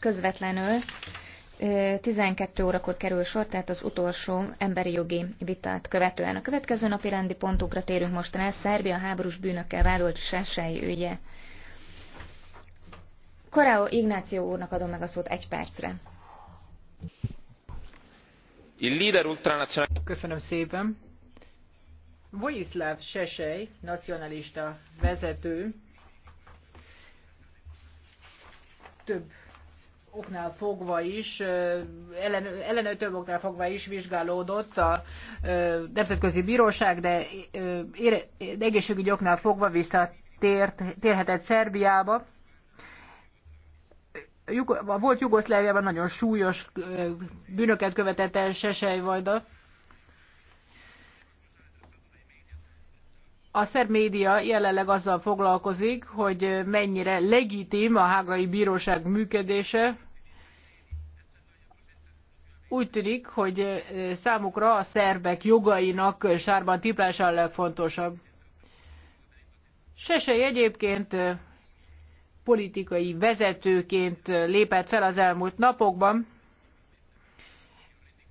közvetlenül 12 órakor kerül sor, tehát az utolsó emberi jogi vitát követően. A következő napi rendi pontokra térünk most el, Szerbia háborús bűnökkel vádolt Sesei ügye. Koráó Ignáció úrnak adom meg a szót egy percre. Köszönöm szépen. Vojislav Sesej, nacionalista vezető, több oknál fogva is, ellen, ellenő több oknál fogva is vizsgálódott a Nemzetközi Bíróság, de, ére, de egészségügyi oknál fogva visszatért, térhetett Szerbiába. Volt Jugoszláviában nagyon súlyos bűnöket követett el Sesej Vajda, a szerb média jelenleg azzal foglalkozik, hogy mennyire legitim a hágai bíróság működése. Úgy tűnik, hogy számukra a szerbek jogainak sárban tiplása a legfontosabb. Sesei egyébként politikai vezetőként lépett fel az elmúlt napokban,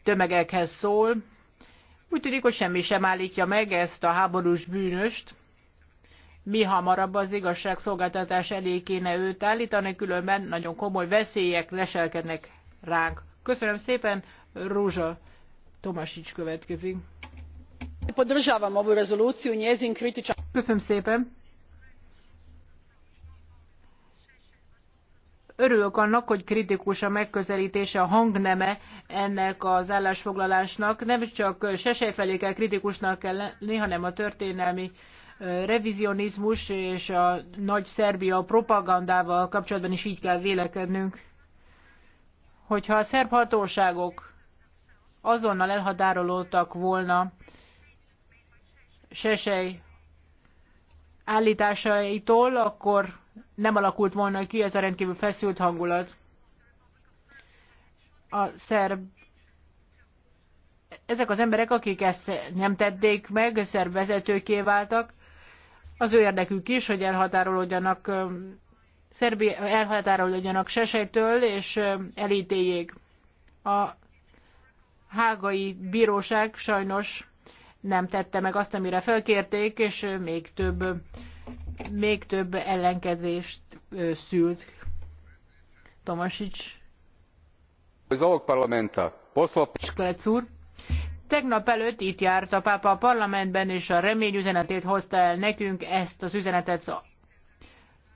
tömegekhez szól, úgy tűnik, hogy semmi sem állítja meg ezt a háborús bűnöst. Mi hamarabb az igazságszolgáltatás elé kéne őt állítani, különben nagyon komoly veszélyek leselkednek ránk. Köszönöm szépen, Rózsa Tomasics következik. Köszönöm szépen Örülök annak, hogy kritikus a megközelítése, a hangneme ennek az állásfoglalásnak. nemcsak csak sesej felé kell kritikusnak kell lenni, hanem a történelmi revizionizmus és a nagy Szerbia propagandával kapcsolatban is így kell vélekednünk. Hogyha a szerb hatóságok azonnal elhatárolódtak volna Sesej állításaitól, akkor nem alakult volna ki ez a rendkívül feszült hangulat. A szerb ezek az emberek, akik ezt nem tették meg, szerb vezetőké váltak, az ő érdekük is, hogy elhatárolódjanak Szerbi elhatárolódjanak Sesejtől, és elítéljék. A hágai bíróság sajnos nem tette meg azt, amire felkérték, és még több még több ellenkezést szült. Tomasics. Az parlamenta. Poszlop. úr. Tegnap előtt itt járt a pápa a parlamentben, és a remény üzenetét hozta el nekünk, ezt az üzenetet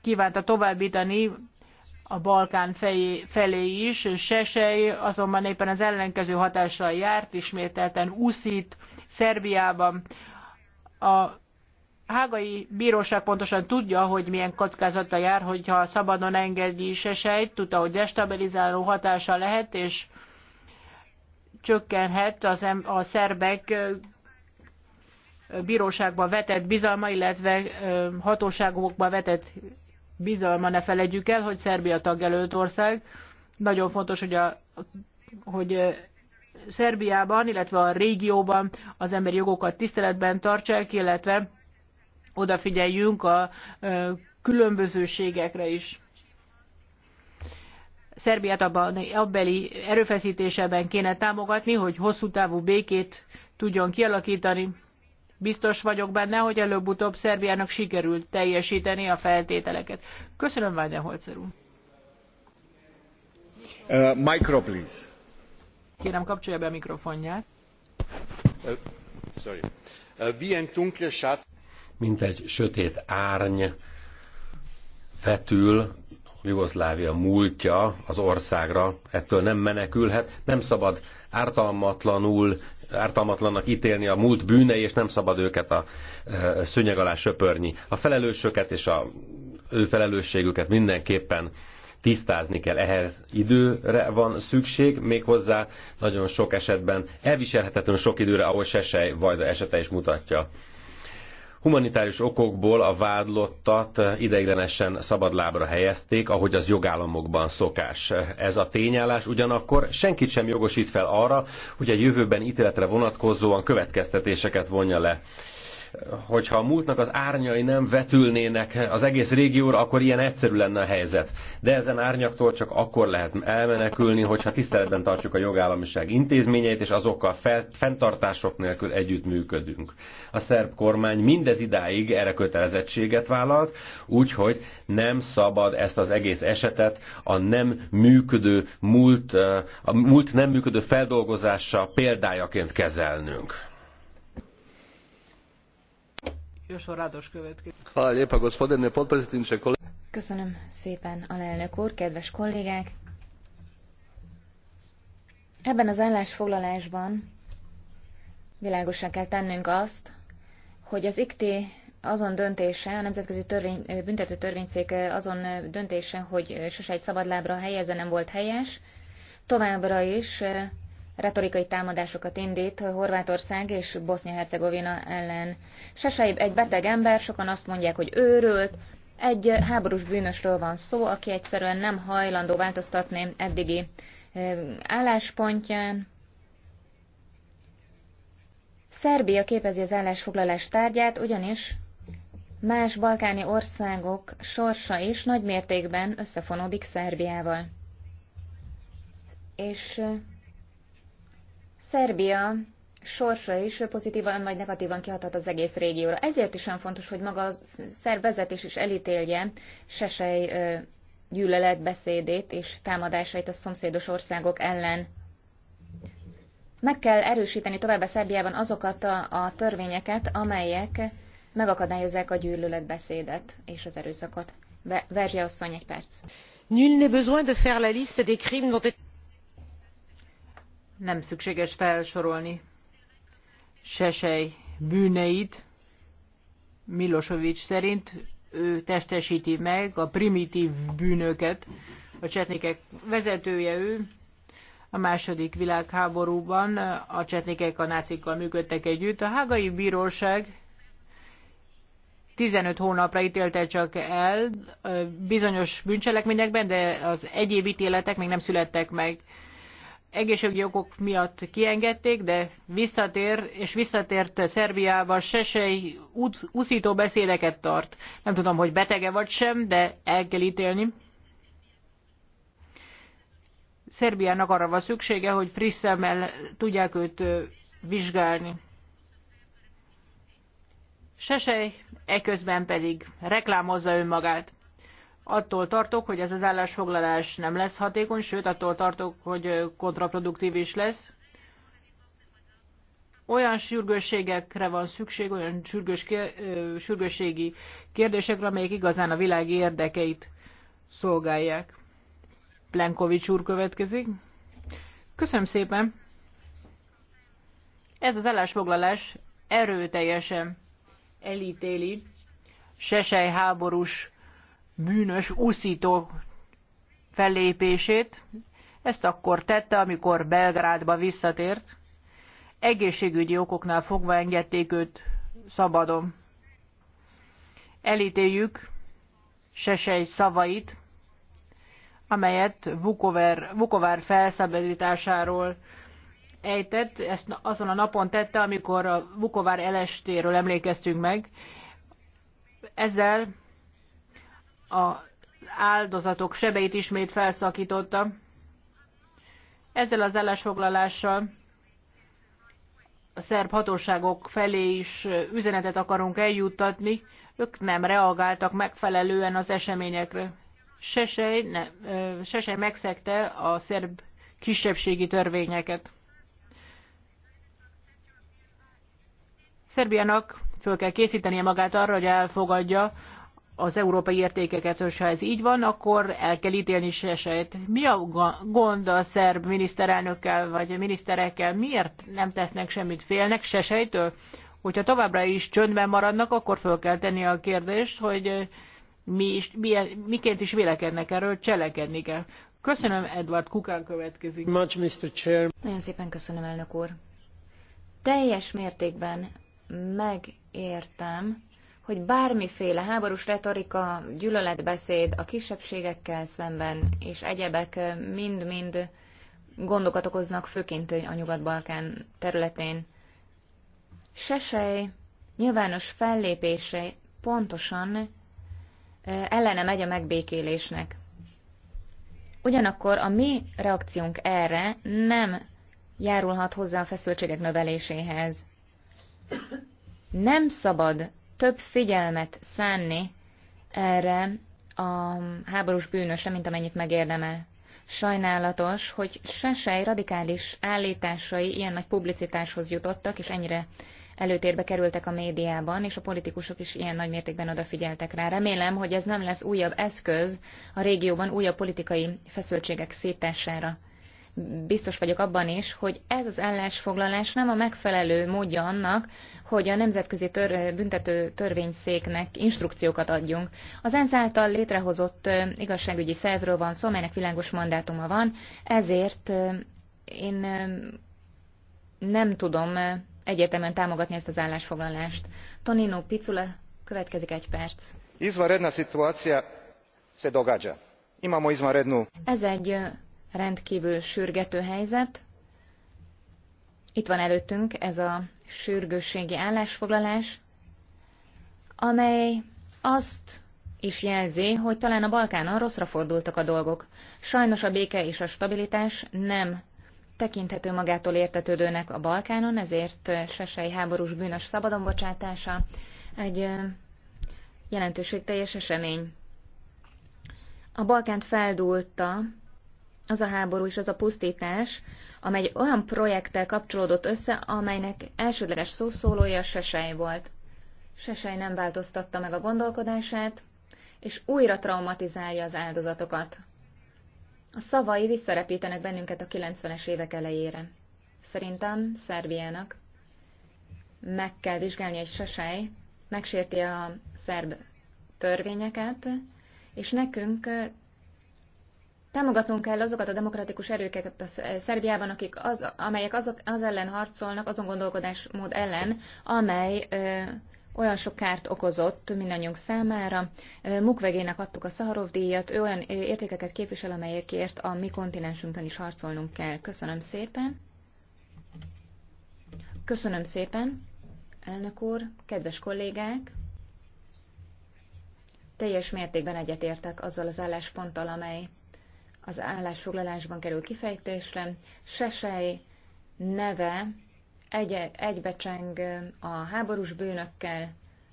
kívánta továbbítani a Balkán fejé, felé is. Sesej azonban éppen az ellenkező hatással járt, ismételten úszít Szerbiában. A hágai bíróság pontosan tudja, hogy milyen kockázata jár, hogyha szabadon engedi sejt, tudta, hogy destabilizáló hatása lehet, és csökkenhet az em- a szerbek bíróságba vetett bizalma, illetve hatóságokba vetett bizalma, ne felejtjük el, hogy Szerbia tagjelölt ország. Nagyon fontos, hogy, a, hogy Szerbiában, illetve a régióban az emberi jogokat tiszteletben tartsák, illetve odafigyeljünk a különbözőségekre is. Szerbiát abban, abbeli erőfeszítéseben kéne támogatni, hogy hosszú távú békét tudjon kialakítani. Biztos vagyok benne, hogy előbb-utóbb Szerbiának sikerült teljesíteni a feltételeket. Köszönöm, Weidenholzer úr. Uh, micro, please. Kérem, kapcsolja be a mikrofonját. Uh, sorry. Uh, mint egy sötét árny vetül Jugoszlávia múltja az országra, ettől nem menekülhet, nem szabad ártalmatlanul, ártalmatlannak ítélni a múlt bűnei, és nem szabad őket a e, szőnyeg alá söpörni. A felelősöket és a ő felelősségüket mindenképpen tisztázni kell. Ehhez időre van szükség, méghozzá nagyon sok esetben elviselhetetlen sok időre, ahol Sesej Vajda esete is mutatja humanitárius okokból a vádlottat ideiglenesen szabadlábra helyezték, ahogy az jogállamokban szokás. Ez a tényállás ugyanakkor senkit sem jogosít fel arra, hogy a jövőben ítéletre vonatkozóan következtetéseket vonja le hogyha a múltnak az árnyai nem vetülnének az egész régióra, akkor ilyen egyszerű lenne a helyzet. De ezen árnyaktól csak akkor lehet elmenekülni, hogyha tiszteletben tartjuk a jogállamiság intézményeit, és azokkal fel, fenntartások nélkül együttműködünk. A szerb kormány mindez idáig erre kötelezettséget vállalt, úgyhogy nem szabad ezt az egész esetet a nem működő múlt, a múlt nem működő feldolgozása példájaként kezelnünk. Jósor Rádos következik. Köszönöm szépen, alelnök úr, kedves kollégák! Ebben az állásfoglalásban világosan kell tennünk azt, hogy az IKT azon döntése, a Nemzetközi törvény, Büntető Törvényszék azon döntése, hogy sose egy szabadlábra helyezze nem volt helyes, továbbra is retorikai támadásokat indít Horvátország és Bosznia-Hercegovina ellen. Seseib egy beteg ember, sokan azt mondják, hogy őrült, egy háborús bűnösről van szó, aki egyszerűen nem hajlandó változtatni eddigi álláspontján. Szerbia képezi az állásfoglalás tárgyát, ugyanis más balkáni országok sorsa is nagy mértékben összefonódik Szerbiával. És Szerbia sorsa is pozitívan vagy negatívan kihatott az egész régióra. Ezért is olyan fontos, hogy maga a szerb vezetés is elítélje Sesej gyűlöletbeszédét és támadásait a szomszédos országok ellen. Meg kell erősíteni továbbá Szerbiában azokat a, a törvényeket, amelyek megakadályozzák a gyűlöletbeszédet és az erőszakot. Verzsia asszony, egy perc. Nul n'est besoin de faire la liste des crimes dont est nem szükséges felsorolni Sesej bűneit. Milosevic szerint ő testesíti meg a primitív bűnöket. A csetnikek vezetője ő. A második világháborúban a csetnikek a nácikkal működtek együtt. A hágai bíróság 15 hónapra ítélte csak el bizonyos bűncselekményekben, de az egyéb ítéletek még nem születtek meg egészségügyi okok miatt kiengedték, de visszatér, és visszatért Szerbiába sesei úszító beszédeket tart. Nem tudom, hogy betege vagy sem, de el kell ítélni. Szerbiának arra van szüksége, hogy friss szemmel tudják őt vizsgálni. Sesej eközben pedig reklámozza önmagát attól tartok, hogy ez az állásfoglalás nem lesz hatékony, sőt, attól tartok, hogy kontraproduktív is lesz. Olyan sürgősségekre van szükség, olyan sürgős, sürgősségi kérdésekre, amelyek igazán a világ érdekeit szolgálják. Plenkovics úr következik. Köszönöm szépen! Ez az állásfoglalás erőteljesen elítéli Sesej háborús bűnös, úszító fellépését. Ezt akkor tette, amikor Belgrádba visszatért. Egészségügyi okoknál fogva engedték őt szabadon. Elítéljük Sesej szavait, amelyet Vukover, Vukovár felszabadításáról ejtett, ezt azon a napon tette, amikor a Vukovár elestéről emlékeztünk meg. Ezzel a áldozatok sebeit ismét felszakította. Ezzel az állásfoglalással a szerb hatóságok felé is üzenetet akarunk eljuttatni, ők nem reagáltak megfelelően az eseményekre. Sesej, ne, Sesej megszegte a szerb kisebbségi törvényeket. Szerbiának föl kell készítenie magát arra, hogy elfogadja az európai értékeket, és ha ez így van, akkor el kell ítélni Sesejt. Mi a gond a szerb miniszterelnökkel, vagy a miniszterekkel? Miért nem tesznek semmit? Félnek sejtől? Hogyha továbbra is csöndben maradnak, akkor föl kell tenni a kérdést, hogy mi is, milyen, miként is vélekednek erről, cselekedni kell. Köszönöm, Edward Kukán következik. Much, Mr. Chair. Nagyon szépen köszönöm, elnök úr. Teljes mértékben megértem, hogy bármiféle háborús retorika, gyűlöletbeszéd a kisebbségekkel szemben és egyebek mind-mind gondokat okoznak, főként a Nyugat-Balkán területén. Sesej nyilvános fellépése pontosan eh, ellene megy a megbékélésnek. Ugyanakkor a mi reakciónk erre nem járulhat hozzá a feszültségek növeléséhez. Nem szabad több figyelmet szánni erre a háborús bűnösre, mint amennyit megérdemel. Sajnálatos, hogy Sesej radikális állításai ilyen nagy publicitáshoz jutottak, és ennyire előtérbe kerültek a médiában, és a politikusok is ilyen nagy mértékben odafigyeltek rá. Remélem, hogy ez nem lesz újabb eszköz a régióban újabb politikai feszültségek szétására biztos vagyok abban is, hogy ez az állásfoglalás nem a megfelelő módja annak, hogy a Nemzetközi tör, Büntető Törvényszéknek instrukciókat adjunk. Az ENSZ által létrehozott igazságügyi szervről van szó, melynek világos mandátuma van, ezért én nem tudom egyértelműen támogatni ezt az állásfoglalást. Tonino Picula, következik egy perc. Izvanredna szituáció se događa. Imamo izvanrednu. Ez egy rendkívül sürgető helyzet. Itt van előttünk ez a sürgősségi állásfoglalás, amely azt is jelzi, hogy talán a Balkánon rosszra fordultak a dolgok. Sajnos a béke és a stabilitás nem tekinthető magától értetődőnek a Balkánon, ezért sesei háborús bűnös szabadonbocsátása egy jelentőségteljes esemény. A Balkánt feldúlta az a háború és az a pusztítás, amely olyan projekttel kapcsolódott össze, amelynek elsődleges szószólója Sesej volt. Sesej nem változtatta meg a gondolkodását, és újra traumatizálja az áldozatokat. A szavai visszarepítenek bennünket a 90-es évek elejére. Szerintem Szerbiának meg kell vizsgálni, egy Sesej megsérti a szerb törvényeket, és nekünk Támogatnunk kell azokat a demokratikus erőket a Szerbiában, akik az, amelyek azok, az ellen harcolnak, azon gondolkodásmód ellen, amely ö, olyan sok kárt okozott mindannyiunk számára. Mukvegének adtuk a Szaharov díjat, ő olyan értékeket képvisel, amelyekért a mi kontinensünkön is harcolnunk kell. Köszönöm szépen. Köszönöm szépen, elnök úr, kedves kollégák. Teljes mértékben egyetértek azzal az állásponttal, amely az állásfoglalásban kerül kifejtésre. Sesej neve egy, egybecseng a háborús bűnökkel,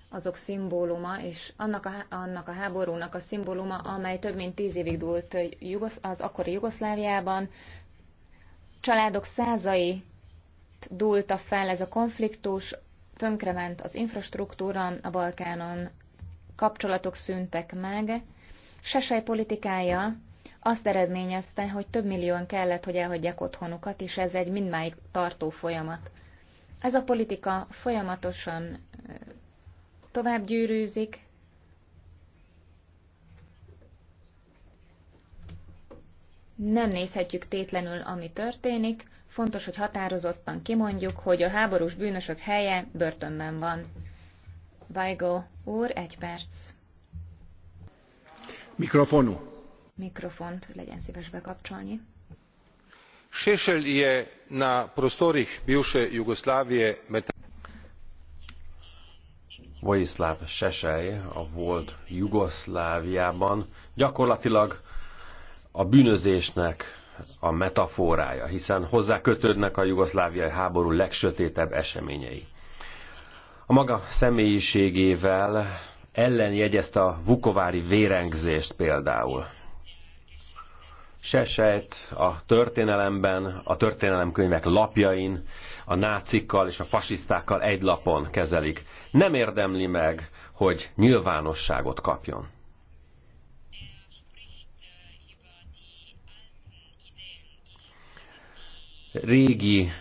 azok szimbóluma, és annak a, annak a háborúnak a szimbóluma, amely több mint tíz évig dúlt az akkori Jugoszláviában. Családok százai dúlta fel ez a konfliktus, tönkrement az infrastruktúra, a Balkánon kapcsolatok szűntek meg, Sesej politikája azt eredményezte, hogy több millióan kellett, hogy elhagyják otthonukat, és ez egy mindmáig tartó folyamat. Ez a politika folyamatosan tovább gyűrűzik, nem nézhetjük tétlenül, ami történik, fontos, hogy határozottan kimondjuk, hogy a háborús bűnösök helye börtönben van. Weigel úr, egy perc. Mikrofonu. Mikrofont legyen szíves bekapcsolni. Šešelj je na prostorih bivše Jugoslavije med Vojislav Šešelj a volt Jugoszláviában gyakorlatilag a bűnözésnek a metaforája, hiszen hozzá kötődnek a jugoszláviai háború legsötétebb eseményei. A maga személyiségével ellenjegyezte a vukovári vérengzést például se sejt a történelemben, a történelemkönyvek lapjain, a nácikkal és a fasisztákkal egy lapon kezelik. Nem érdemli meg, hogy nyilvánosságot kapjon. Régi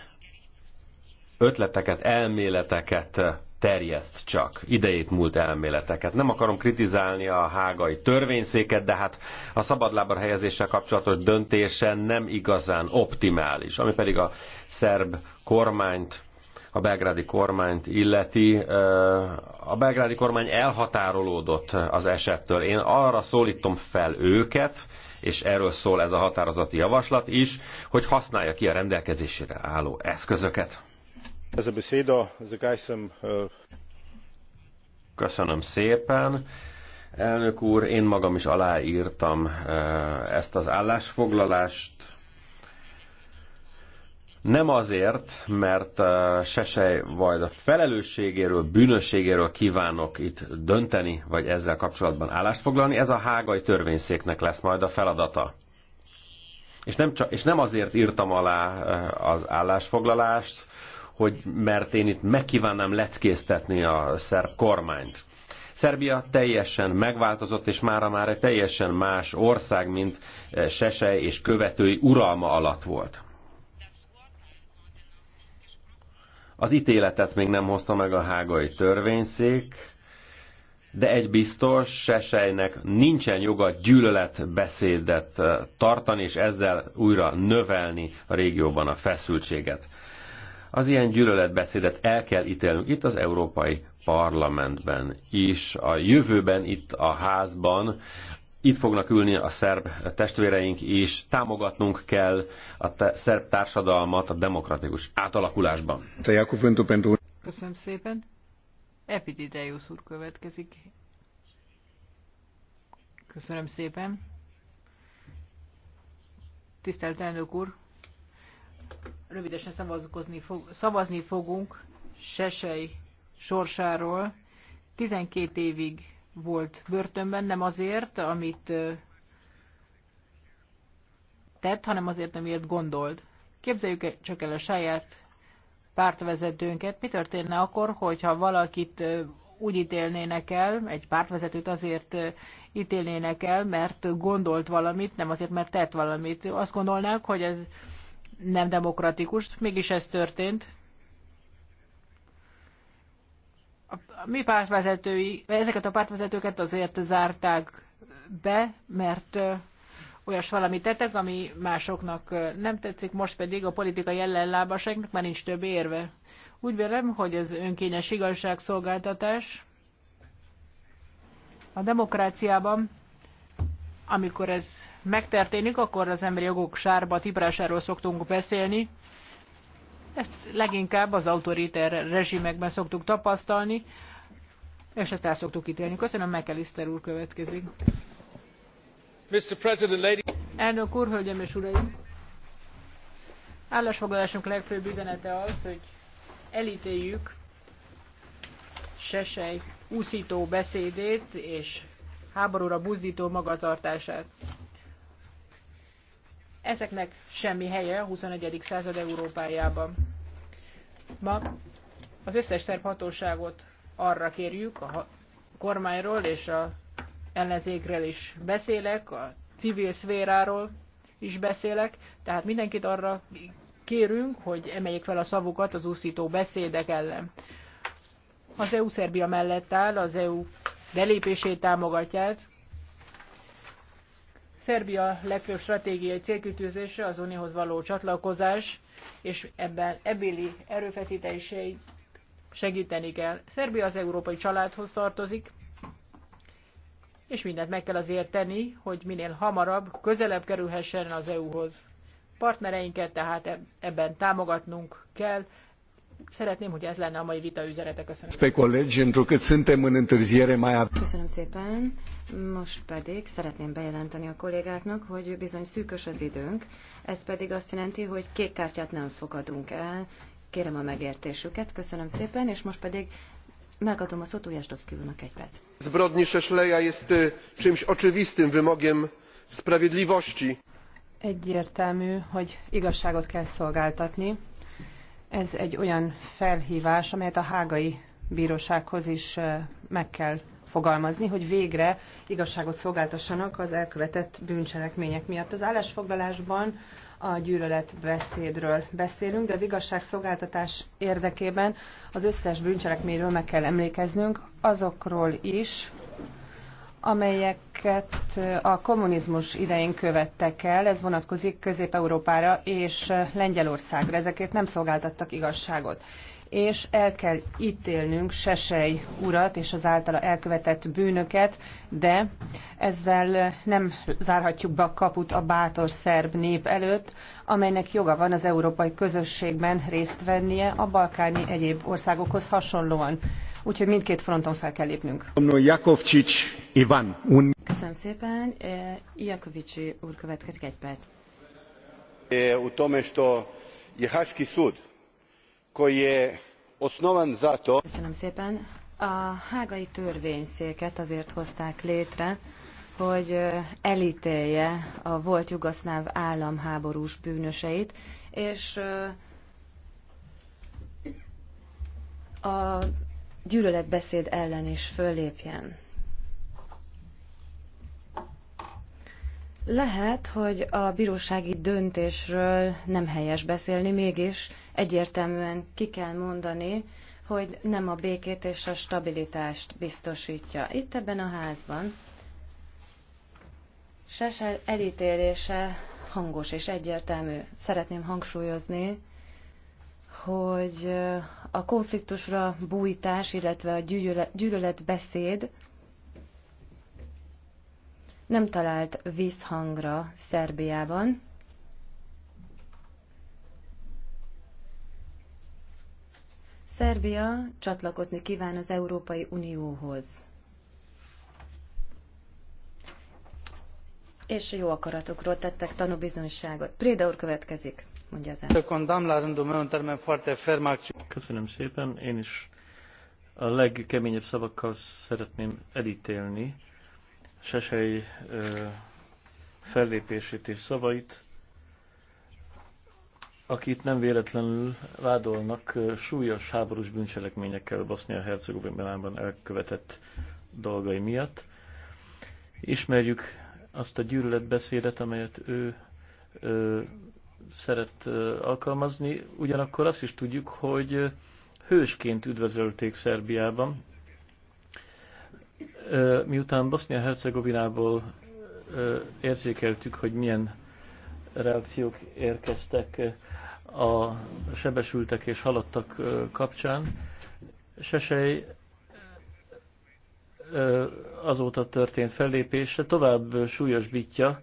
ötleteket, elméleteket terjeszt csak idejét múlt elméleteket. Nem akarom kritizálni a hágai törvényszéket, de hát a szabadlábar helyezéssel kapcsolatos döntése nem igazán optimális. Ami pedig a szerb kormányt, a belgrádi kormányt illeti, a belgrádi kormány elhatárolódott az esettől. Én arra szólítom fel őket, és erről szól ez a határozati javaslat is, hogy használja ki a rendelkezésére álló eszközöket. Köszönöm szépen. Elnök úr, én magam is aláírtam ezt az állásfoglalást. Nem azért, mert Sesej vagy a felelősségéről, bűnösségéről kívánok itt dönteni, vagy ezzel kapcsolatban állást foglalni, ez a hágai törvényszéknek lesz majd a feladata. És nem, csak, és nem azért írtam alá az állásfoglalást, hogy mert én itt megkívánnám leckésztetni a szerb kormányt. Szerbia teljesen megváltozott, és mára már egy teljesen más ország, mint eh, Sese és követői uralma alatt volt. Az ítéletet még nem hozta meg a hágai törvényszék, de egy biztos, Sesejnek nincsen joga gyűlöletbeszédet eh, tartani, és ezzel újra növelni a régióban a feszültséget. Az ilyen gyűlöletbeszédet el kell ítélnünk itt az Európai Parlamentben is. A jövőben itt a házban itt fognak ülni a szerb testvéreink is, támogatnunk kell a te- szerb társadalmat a demokratikus átalakulásban. Köszönöm szépen. Epididejus úr következik. Köszönöm szépen. Tisztelt elnök úr, rövidesen szavazni, fog, szavazni fogunk Sesej sorsáról. 12 évig volt börtönben, nem azért, amit tett, hanem azért, amiért gondolt. Képzeljük e- csak el a saját pártvezetőnket. Mi történne akkor, hogyha valakit úgy ítélnének el, egy pártvezetőt azért ítélnének el, mert gondolt valamit, nem azért, mert tett valamit. Azt gondolnák, hogy ez nem demokratikus, mégis ez történt. A, a mi pártvezetői, ezeket a pártvezetőket azért zárták be, mert olyas valami tettek, ami másoknak nem tetszik, most pedig a politikai ellenlábaságnak már nincs több érve. Úgy vélem, hogy az önkényes igazságszolgáltatás a demokráciában amikor ez megtörténik, akkor az emberi jogok sárba tiprásáról szoktunk beszélni. Ezt leginkább az autoriter rezsimekben szoktuk tapasztalni, és ezt el szoktuk ítélni. Köszönöm, McAllister úr következik. Mr. President, lady... Elnök úr, hölgyem és uraim! Állásfoglalásunk legfőbb üzenete az, hogy elítéljük Sesej úszító beszédét és háborúra buzdító magatartását. Ezeknek semmi helye a 21. század Európájában. Ma az összes szerb hatóságot arra kérjük, a kormányról és a ellenzékről is beszélek, a civil szféráról is beszélek, tehát mindenkit arra kérünk, hogy emeljék fel a szavukat az úszító beszédek ellen. Az EU Szerbia mellett áll, az EU belépését támogatják. Szerbia legfőbb stratégiai célkütőzése az Unióhoz való csatlakozás, és ebben ebéli erőfeszítéseit segíteni kell. Szerbia az európai családhoz tartozik, és mindent meg kell azért tenni, hogy minél hamarabb közelebb kerülhessen az EU-hoz. Partnereinket tehát e- ebben támogatnunk kell, szeretném, hogy ez lenne a mai vita üzenete. Köszönöm. Pe colegi, întrucât suntem în întârziere mai Köszönöm szépen. Most pedig szeretném bejelenteni a kollégáknak, hogy bizony szűkös az időnk. Ez pedig azt jelenti, hogy kék kártyát nem fogadunk el. Kérem a megértésüket. Köszönöm szépen, és most pedig megadom a szót Ujazdowski egy perc. Zbrodni Sesleja jest e, czymś oczywistym wymogiem sprawiedliwości. Egyértelmű, hogy igazságot kell szolgáltatni, ez egy olyan felhívás, amelyet a hágai bírósághoz is meg kell fogalmazni, hogy végre igazságot szolgáltassanak az elkövetett bűncselekmények miatt. Az állásfoglalásban a gyűlöletbeszédről beszélünk, de az igazságszolgáltatás érdekében az összes bűncselekményről meg kell emlékeznünk, azokról is, amelyeket a kommunizmus idején követtek el, ez vonatkozik Közép-Európára és Lengyelországra, ezekért nem szolgáltattak igazságot. És el kell ítélnünk Sesej urat és az általa elkövetett bűnöket, de ezzel nem zárhatjuk be a kaput a bátor szerb nép előtt, amelynek joga van az európai közösségben részt vennie a balkáni egyéb országokhoz hasonlóan úgyhogy mindkét fronton fel kell lépnünk. Jakovcsics Iván. Un... Köszönöm szépen. Jakovics e, úr következik egy perc. E, u tome što je Haški sud, koji je osnovan zato... Köszönöm szépen. A hágai törvényszéket azért hozták létre, hogy e, elítélje a volt jugoszláv államháborús bűnöseit, és a gyűlöletbeszéd ellen is föllépjen. Lehet, hogy a bírósági döntésről nem helyes beszélni, mégis egyértelműen ki kell mondani, hogy nem a békét és a stabilitást biztosítja. Itt ebben a házban Sesel elítélése hangos és egyértelmű. Szeretném hangsúlyozni, hogy a konfliktusra bújtás, illetve a gyűlöletbeszéd nem talált visszhangra Szerbiában. Szerbia csatlakozni kíván az Európai Unióhoz. És jó akaratokról tettek tanúbizonyságot. Préda úr következik mondja az elnök. Condamn Köszönöm szépen, én is a legkeményebb szavakkal szeretném elítélni Sesei fellépését és szavait, akit nem véletlenül vádolnak súlyos háborús bűncselekményekkel bosznia hercegovinában elkövetett dolgai miatt. Ismerjük azt a gyűlöletbeszédet, amelyet ő ö, szeret alkalmazni, ugyanakkor azt is tudjuk, hogy hősként üdvözölték Szerbiában, miután Bosznia-Hercegovinából érzékeltük, hogy milyen reakciók érkeztek a sebesültek és halottak kapcsán. Sesej azóta történt fellépése tovább súlyosbítja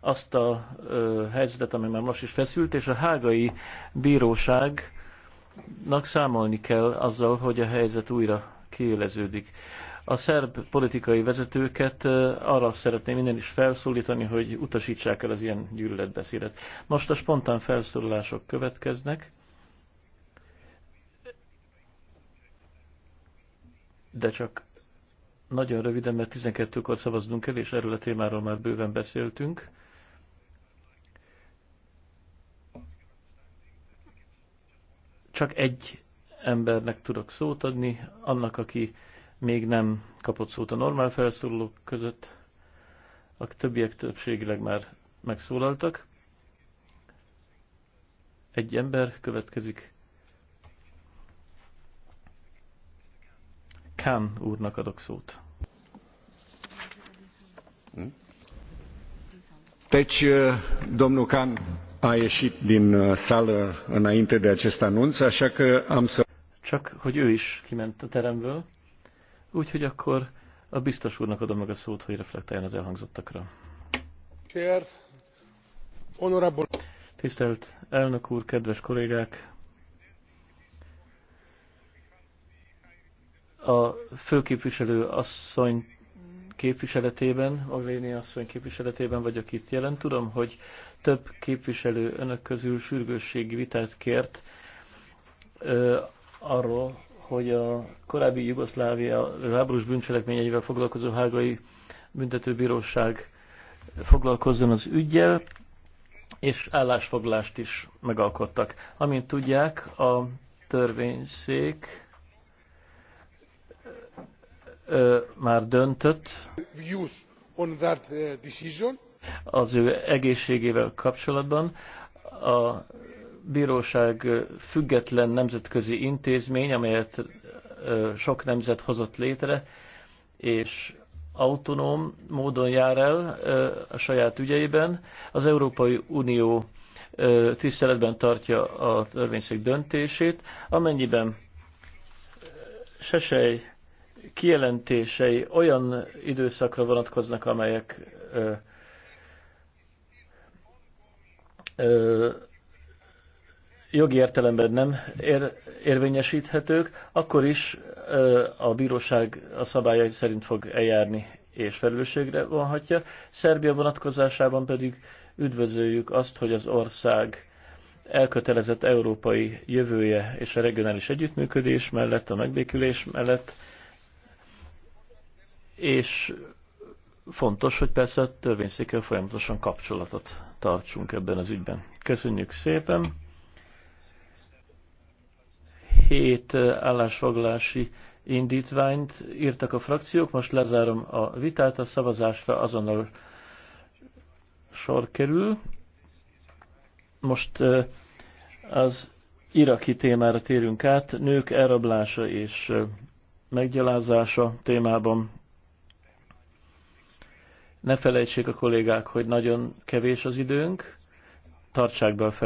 azt a ö, helyzetet, ami már most is feszült, és a hágai bíróságnak számolni kell azzal, hogy a helyzet újra kiéleződik. A szerb politikai vezetőket ö, arra szeretném minden is felszólítani, hogy utasítsák el az ilyen gyűlöletbeszédet. Most a spontán felszólalások következnek. De csak nagyon röviden, mert 12-kor szavaznunk el, és erről a témáról már bőven beszéltünk. Csak egy embernek tudok szót adni, annak, aki még nem kapott szót a normál felszólalók között, a többiek többségileg már megszólaltak. Egy ember következik. Kán úrnak adok szót. Deci, eh, domnul Kán a ieșit din uh, sală uh, înainte de acest anunț, așa că am să... Csak, hogy ő is kiment a teremből, úgyhogy akkor a biztos úrnak adom meg a szót, hogy reflektáljon az elhangzottakra. Tisztelt elnök úr, kedves kollégák! A főképviselő asszony képviseletében, Avéni asszony képviseletében vagyok itt jelen. Tudom, hogy több képviselő önök közül sürgősségi vitát kért ö, arról, hogy a korábbi Jugoszlávia háborús bűncselekményeivel foglalkozó hágai büntetőbíróság foglalkozzon az ügyjel, és állásfoglalást is megalkottak. Amint tudják, a törvényszék már döntött uh, az ő egészségével kapcsolatban. A bíróság független nemzetközi intézmény, amelyet sok nemzet hozott létre, és autonóm módon jár el a saját ügyeiben. Az Európai Unió tiszteletben tartja a törvényszék döntését, amennyiben Sesej kijelentései olyan időszakra vonatkoznak, amelyek ö, ö, jogi értelemben nem ér, érvényesíthetők, akkor is ö, a bíróság a szabályai szerint fog eljárni és felelősségre vonhatja. Szerbia vonatkozásában pedig üdvözöljük azt, hogy az ország elkötelezett európai jövője és a regionális együttműködés mellett, a megbékülés mellett és fontos, hogy persze a törvényszékkel folyamatosan kapcsolatot tartsunk ebben az ügyben. Köszönjük szépen! Hét eh, állásfoglalási indítványt írtak a frakciók, most lezárom a vitát, a szavazásra azonnal sor kerül. Most eh, az iraki témára térünk át, nők elrablása és eh, meggyalázása témában ne felejtsék a kollégák, hogy nagyon kevés az időnk, tartsák be a fel